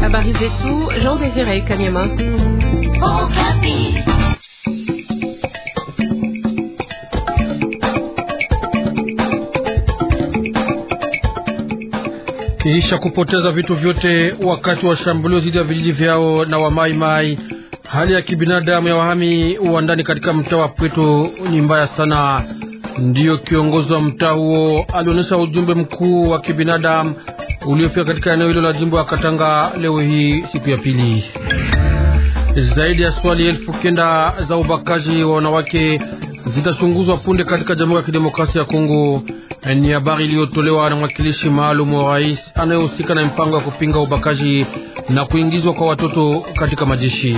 Habari zetu Jean Désiré Kanyama. Kisha kupoteza vitu vyote wakati wa shambulio dhidi ya vijiji vyao na wamaimai, hali ya kibinadamu ya wahami wa ndani katika mtaa wa Pweto ni mbaya sana. Ndiyo kiongozi wa mtaa huo alionyesha ujumbe mkuu wa kibinadamu uliofika katika eneo hilo la jimbo ya Katanga leo hii siku ya pili. Zaidi ya swali elfu kenda za ubakaji wa wanawake zitachunguzwa punde katika Jamhuri ya Kidemokrasia ya Kongo. Ni habari iliyotolewa na mwakilishi maalum wa rais anayehusika na mpango wa kupinga ubakaji na kuingizwa kwa watoto katika majeshi.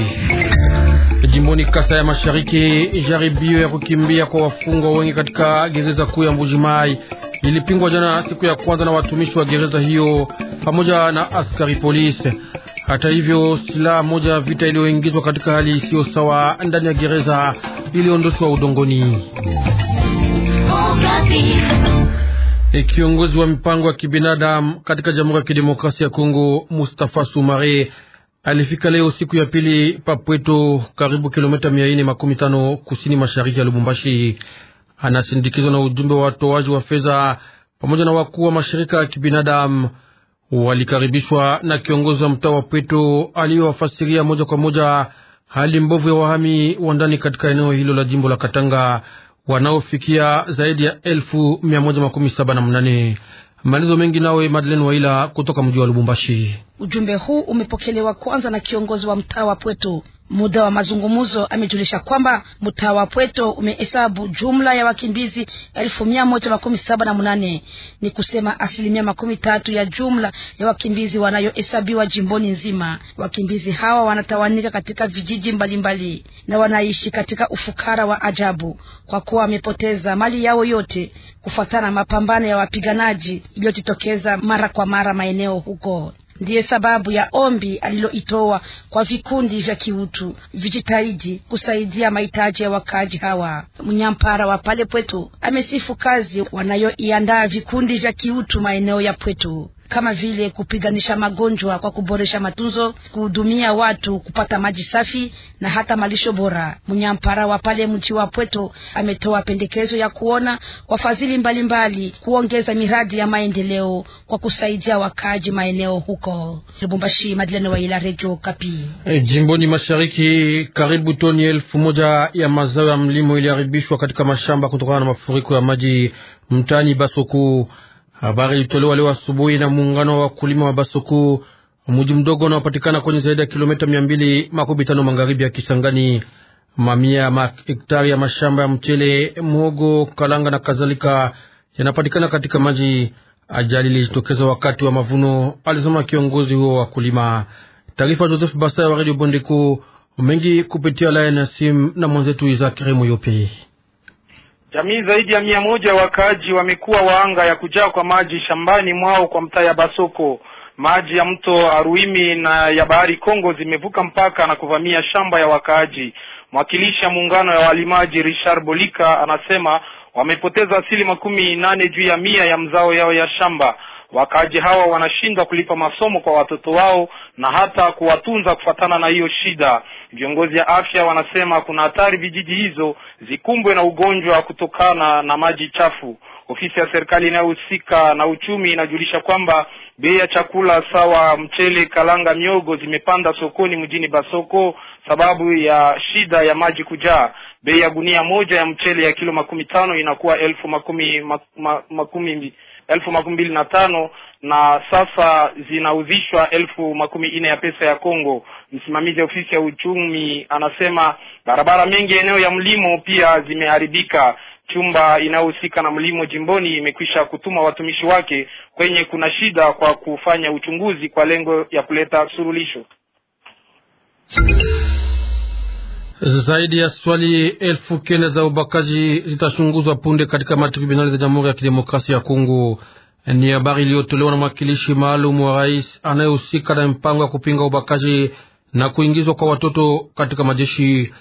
Jimboni Kasa ya Mashariki, jaribio ya kukimbia kwa wafungwa wengi katika gereza kuu ya Mbujimai ilipingwa jana siku ya kwanza na watumishi wa gereza hiyo pamoja na askari polisi. Hata hivyo, silaha moja ya vita iliyoingizwa katika hali isiyo sawa ndani ya gereza iliondoshwa udongoni. E, kiongozi wa mpango wa kibinadamu katika Jamhuri ya Kidemokrasia ya Kongo Mustafa Sumare alifika leo siku ya pili Papweto, karibu kilomita mia nne makumi tano kusini mashariki ya Lubumbashi. Anasindikizwa na ujumbe wa watoaji wa fedha pamoja na wakuu wa mashirika ya kibinadamu. Walikaribishwa na kiongozi wa mtaa wa Pweto aliyowafasiria moja kwa moja hali mbovu ya wahami wa ndani katika eneo hilo la jimbo la Katanga wanaofikia zaidi ya elfu mia moja makumi saba na mnane. Maelezo mengi nawe Madeleine Waila kutoka mji wa Lubumbashi. Ujumbe huu umepokelewa kwanza na kiongozi wa mtaa wa Pweto. Muda wa mazungumzo amejulisha kwamba mtaa wa Pweto umehesabu jumla ya wakimbizi elfu mia moja makumi saba na munane ni kusema asilimia makumi tatu ya jumla ya wakimbizi wanayohesabiwa jimboni nzima. Wakimbizi hawa wanatawanika katika vijiji mbalimbali mbali, na wanaishi katika ufukara wa ajabu kwa kuwa wamepoteza mali yao yote kufuatana na mapambano ya wapiganaji iliyojitokeza mara kwa mara maeneo huko ndiye sababu ya ombi aliloitoa kwa vikundi vya kiutu vijitahidi kusaidia mahitaji ya wakaaji hawa. Mnyampara wa pale Pweto amesifu kazi wanayoiandaa vikundi vya kiutu maeneo ya Pweto kama vile kupiganisha magonjwa kwa kuboresha matunzo, kuhudumia watu kupata maji safi na hata malisho bora. Mnyampara wa pale mji wa Pweto ametoa pendekezo ya kuona wafadhili mbalimbali kuongeza miradi ya maendeleo kwa kusaidia wakaaji maeneo huko Lubumbashi. Madlene ila Radio Kapi. Hey, jimboni mashariki karibu toni elfu moja ya mazao ya mlimo iliharibishwa katika mashamba kutokana na mafuriko ya maji mtaani Basoku. Habari ilitolewa leo asubuhi na muungano wa wakulima wa Basuku, mji mdogo unaopatikana kwenye zaidi ya kilomita mia mbili makumi tano magharibi ya Kisangani. Mamia ya hektari ya mashamba ya mchele, mwogo, kalanga na kadhalika yanapatikana katika maji. Ajali ilijitokeza wakati wa mavuno, alisema kiongozi huo wa wakulima. Taarifa Joseph Basaya wa Radio Bondeko mengi kupitia laini ya simu na mwenzetu Izakiremo Yope. Jamii zaidi ya mia moja wakaaji wamekuwa waanga ya kujaa kwa maji shambani mwao kwa mtaa ya Basoko. Maji ya mto Aruimi na ya bahari Kongo zimevuka mpaka na kuvamia shamba ya wakaaji. Mwakilishi ya muungano ya walimaji Richard Bolika anasema wamepoteza asili makumi nane juu ya mia ya mzao yao ya shamba. Wakaaji hawa wanashindwa kulipa masomo kwa watoto wao na hata kuwatunza kufatana na hiyo shida. Viongozi ya afya wanasema kuna hatari vijiji hizo zikumbwe na ugonjwa kutokana na maji chafu. Ofisi ya serikali inayohusika na uchumi inajulisha kwamba bei ya chakula sawa mchele, kalanga, miogo zimepanda sokoni mjini Basoko sababu ya shida ya maji kujaa. Bei ya gunia moja ya mchele ya kilo makumi tano inakuwa elfu makumi, makumi, makumi elfu makumi mbili na tano na sasa zinauzishwa elfu makumi nne ya pesa ya Kongo. Msimamizi wa ofisi ya uchumi anasema barabara mengi eneo ya mlimo pia zimeharibika. Chumba inayohusika na mlimo jimboni imekwisha kutuma watumishi wake kwenye kuna shida kwa kufanya uchunguzi kwa lengo ya kuleta suluhisho. Zaidi ya swali elfu kenda za ubakaji zitachunguzwa punde katika matribunali za Jamhuri ya Kidemokrasia ya Kongo. Ni habari iliyotolewa na mwakilishi maalum wa rais anayehusika na mpango ya kupinga ubakaji na kuingizwa kwa watoto katika majeshi.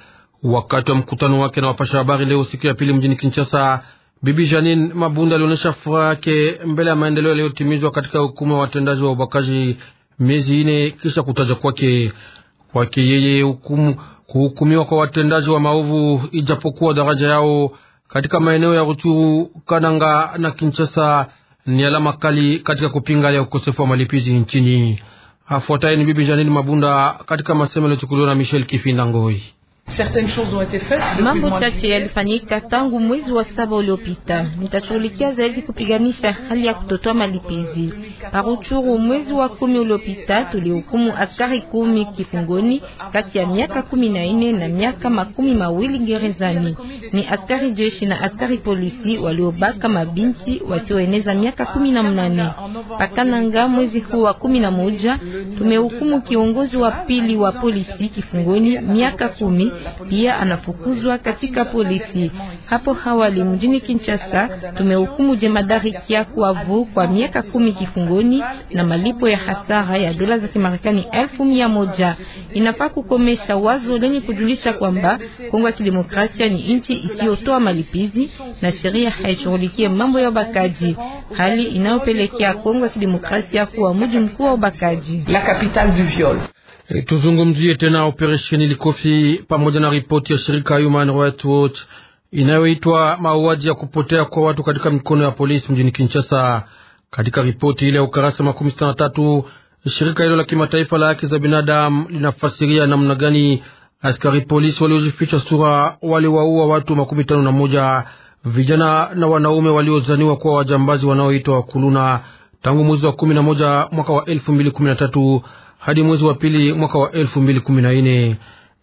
Wakati wa mkutano wake na wapasha habari leo siku ya pili mjini Kinshasa, Bibi Janin Mabunda alionyesha furaha yake mbele ya maendeleo yaliyotimizwa katika hukumu ya watendaji wa ubakaji miezi ine kisha kutaja kwake kwake yeye hukumu kuhukumiwa kwa watendaji wa maovu, ijapokuwa daraja yao katika maeneo ya Ruchuru, Kananga na Kinshasa ni alama kali katika kupinga ya ukosefu wa malipizi nchini. Afuataye ni Bibi Janini Mabunda katika masema yaliyochukuliwa na Michel Kifindangoi. Mambo chache yalifanyika tangu mwezi wa saba uliopita. Nitashughulikia zaidi kupiganisha hali ya kutotoa malipizi paruchuru. Mwezi wa kumi uliopita tulihukumu askari kumi kifungoni kati ya miaka kumi na nne na miaka makumi mawili gerezani. Ni askari jeshi na askari polisi waliobaka mabinti wasioeneza miaka kumi na mnane. Pakananga mwezi huu wa kumi na moja tumehukumu kiongozi wa pili wa polisi kifungoni miaka kumi, pia anafukuzwa katika polisi. Hapo hawali mjini Kinshasa tumehukumu jemadari kiakwavu kwa miaka kumi kifungoni na malipo ya hasara ya dola za Kimarekani elfu mia moja. Inafaa kukomesha wazo lenye kujulisha kwamba Kongo ya Kidemokrasia ni nchi isiyotoa malipizi na sheria haishughulikie mambo ya ubakaji, hali inayopelekea Kongo ya Kidemokrasia kuwa mji mkuu wa ubakaji. La capitale du viol. E, tuzungumzie tena operesheni Likofi pamoja na ripoti ya shirika Human Rights Watch inayoitwa mauaji ya kupotea kwa watu katika mikono ya polisi mjini Kinshasa. Katika ripoti ile ya ukarasa makumi sita na tatu, shirika hilo la kimataifa la haki za binadamu linafasiria namna gani askari polisi waliojificha sura waliwaua watu makumi tano na moja vijana na wanaume waliozaniwa kuwa wajambazi wanaoitwa wakuluna tangu mwezi wa kumi na moja mwaka wa elfu mbili kumi na tatu hadi mwezi wa pili mwaka wa elfu mbili kumi na nne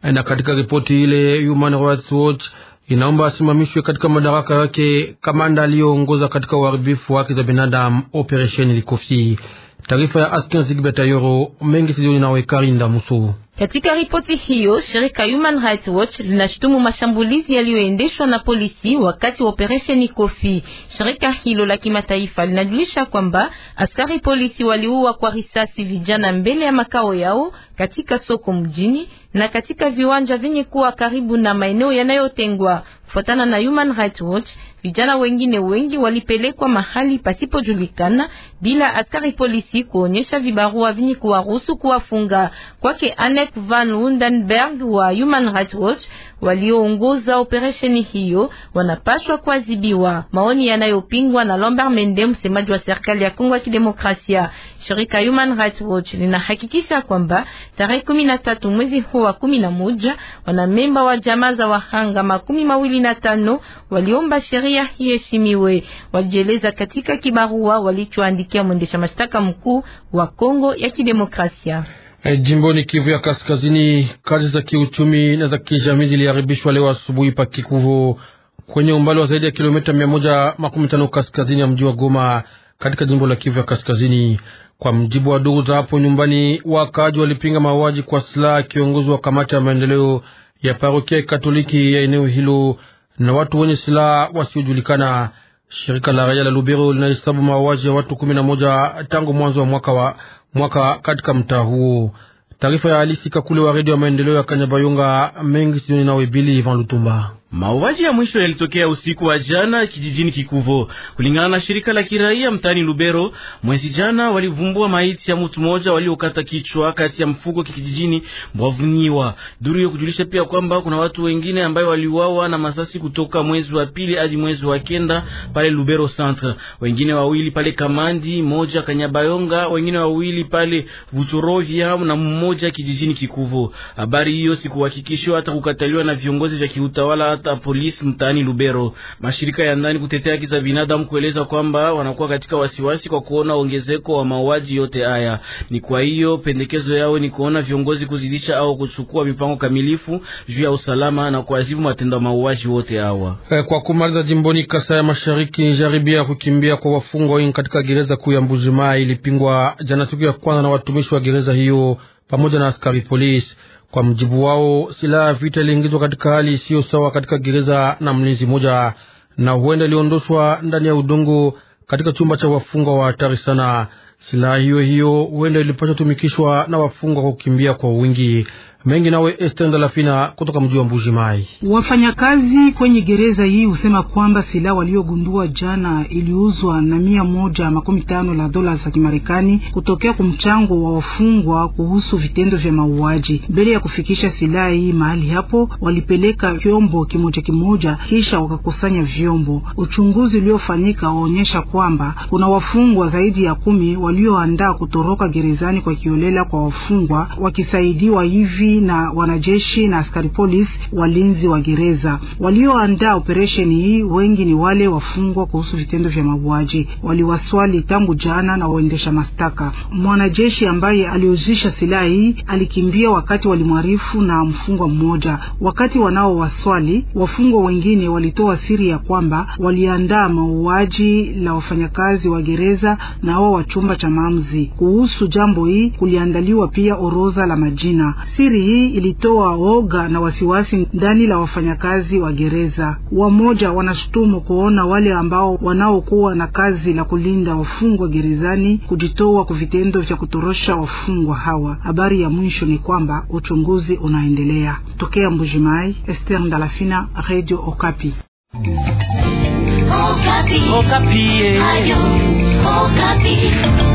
na katika ripoti ile Human Rights Watch inaomba asimamishwe katika madaraka yake kamanda aliyoongoza katika uharibifu wa haki za binadamu operesheni Likofi. Taarifa ya Askin Zigbetayoro mengi sijioni nawe Karinda Musu. Katika ripoti hiyo, shirika Human Rights Watch linashutumu mashambulizi yaliyoendeshwa na polisi wakati wa operesheni Kofi. Shirika hilo la kimataifa linajulisha kwamba askari polisi waliua kwa risasi vijana mbele ya makao yao katika soko mjini na katika viwanja vyenye kuwa karibu na maeneo yanayotengwa. Kufuatana na Human Rights Watch, Vijana wengine wengi walipelekwa mahali pasipojulikana bila askari polisi kuonyesha vibarua vyenye kuwaruhusu kuwafunga. Kwake Anek van Wundenberg wa Human Rights Watch walioongoza operesheni hiyo wanapaswa kuadhibiwa. Maoni yanayopingwa na Lambert Mende, msemaji wa serikali ya Kongo ya Kidemokrasia. Shirika Human Rights Watch linahakikisha kwamba tarehe 13 mwezi huu wa 11 wanamemba wa jamaa za wahanga makumi mawili na tano waliomba sheria iheshimiwe, heshimiwe. Walijieleza katika kibarua walichoandikia mwendesha mashtaka mkuu wa Kongo ya Kidemokrasia. E, jimboni Kivu ya Kaskazini, kazi za kiuchumi na za kijamii ziliharibishwa leo asubuhi pa Kikuvu, kwenye umbali wa zaidi ya kilomita mia moja makumi tano kaskazini ya mji wa Goma, katika jimbo la Kivu ya Kaskazini. Kwa mjibu wa ndugu za hapo nyumbani, wakaaji walipinga mauaji kwa silaha kiongozi wa kamati ya maendeleo ya parokia Katoliki ya eneo hilo na watu wenye silaha wasiojulikana. Shirika la raia la Lubero linahesabu mauaji ya watu kumi na moja tangu mwanzo wa mwaka wa mwaka katika mtaa huo. Taarifa ya Alisi Kakule wa redio ya maendeleo ya Kanyabayonga mengi sioni nawe Bili Ivan Lutumba. Mauaji ya mwisho yalitokea usiku wa jana kijijini Kikuvo. Kulingana na shirika la kiraia mtaani Lubero, mwezi jana walivumbua maiti ya mtu mmoja waliokata kichwa kati ya mfugo kijijini Mbwavunyiwa. Duru hiyo kujulisha pia kwamba kuna watu wengine ambayo waliuawa na masasi kutoka mwezi wa pili hadi mwezi wa kenda pale Lubero Centre, wengine wawili pale Kamandi, moja Kanyabayonga, wengine wawili pale Vuchorovia na mmoja kijijini Kikuvo. Habari hiyo sikuhakikishwa hata kukataliwa na viongozi vya kiutawala hata polisi mtaani Lubero. Mashirika ya ndani kutetea haki za binadamu kueleza kwamba wanakuwa katika wasiwasi kwa kuona ongezeko wa mauaji yote haya. Ni kwa hiyo pendekezo yao ni kuona viongozi kuzidisha au kuchukua mipango kamilifu juu ya usalama na kuadhibu matendo ya mauaji wote hawa. Eh, kwa kumaliza, jimboni Kasai ya Mashariki, jaribia ya kukimbia kwa wafungwa wengi katika gereza kuu ya Mbujimai ilipingwa jana siku ya kwanza na watumishi wa gereza hiyo pamoja na askari polisi. Kwa mjibu wao, silaha vita iliingizwa katika hali isiyo sawa katika gereza na mlinzi moja, na huenda iliondoshwa ndani ya udongo katika chumba cha wafungwa wa hatari sana. Silaha hiyo hiyo huenda ilipashwa tumikishwa na wafungwa kukimbia kwa wingi mengi nawe Esther Ndalafina kutoka mji wa Mbuji Mai. Wafanyakazi kwenye gereza hii husema kwamba silaha waliogundua jana iliuzwa na mia moja makumi tano la dola za Kimarekani kutokea kwa mchango wa wafungwa kuhusu vitendo vya mauaji. Mbele ya kufikisha silaha hii mahali hapo, walipeleka vyombo kimoja kimoja, kisha wakakusanya vyombo. Uchunguzi uliofanyika waonyesha kwamba kuna wafungwa zaidi ya kumi walioandaa kutoroka gerezani kwa kiolela kwa wafungwa wakisaidiwa hivi polisi na wanajeshi na askari polisi walinzi wa gereza. Walioandaa operesheni hii wengi ni wale wafungwa kuhusu vitendo vya mauaji, waliwaswali tangu jana na waendesha mashtaka. Mwanajeshi ambaye aliuzisha silaha hii alikimbia wakati walimwarifu na mfungwa mmoja. Wakati wanaowaswali wafungwa wengine walitoa siri ya kwamba waliandaa mauaji la wafanyakazi wa gereza na wa chumba cha maamuzi. Kuhusu jambo hii, kuliandaliwa pia orodha la majina siri hii ilitoa woga na wasiwasi ndani la wafanyakazi wa gereza. Wamoja wanashutumu kuona wale ambao wanaokuwa na kazi la kulinda wafungwa gerezani kujitoa kwa vitendo vya kutorosha wafungwa hawa. Habari ya mwisho ni kwamba uchunguzi unaendelea. Tokea Mbujimai, Esther Ndalafina, Radio Okapi. Okapi. Okapi. Eh. Ayu, Okapi.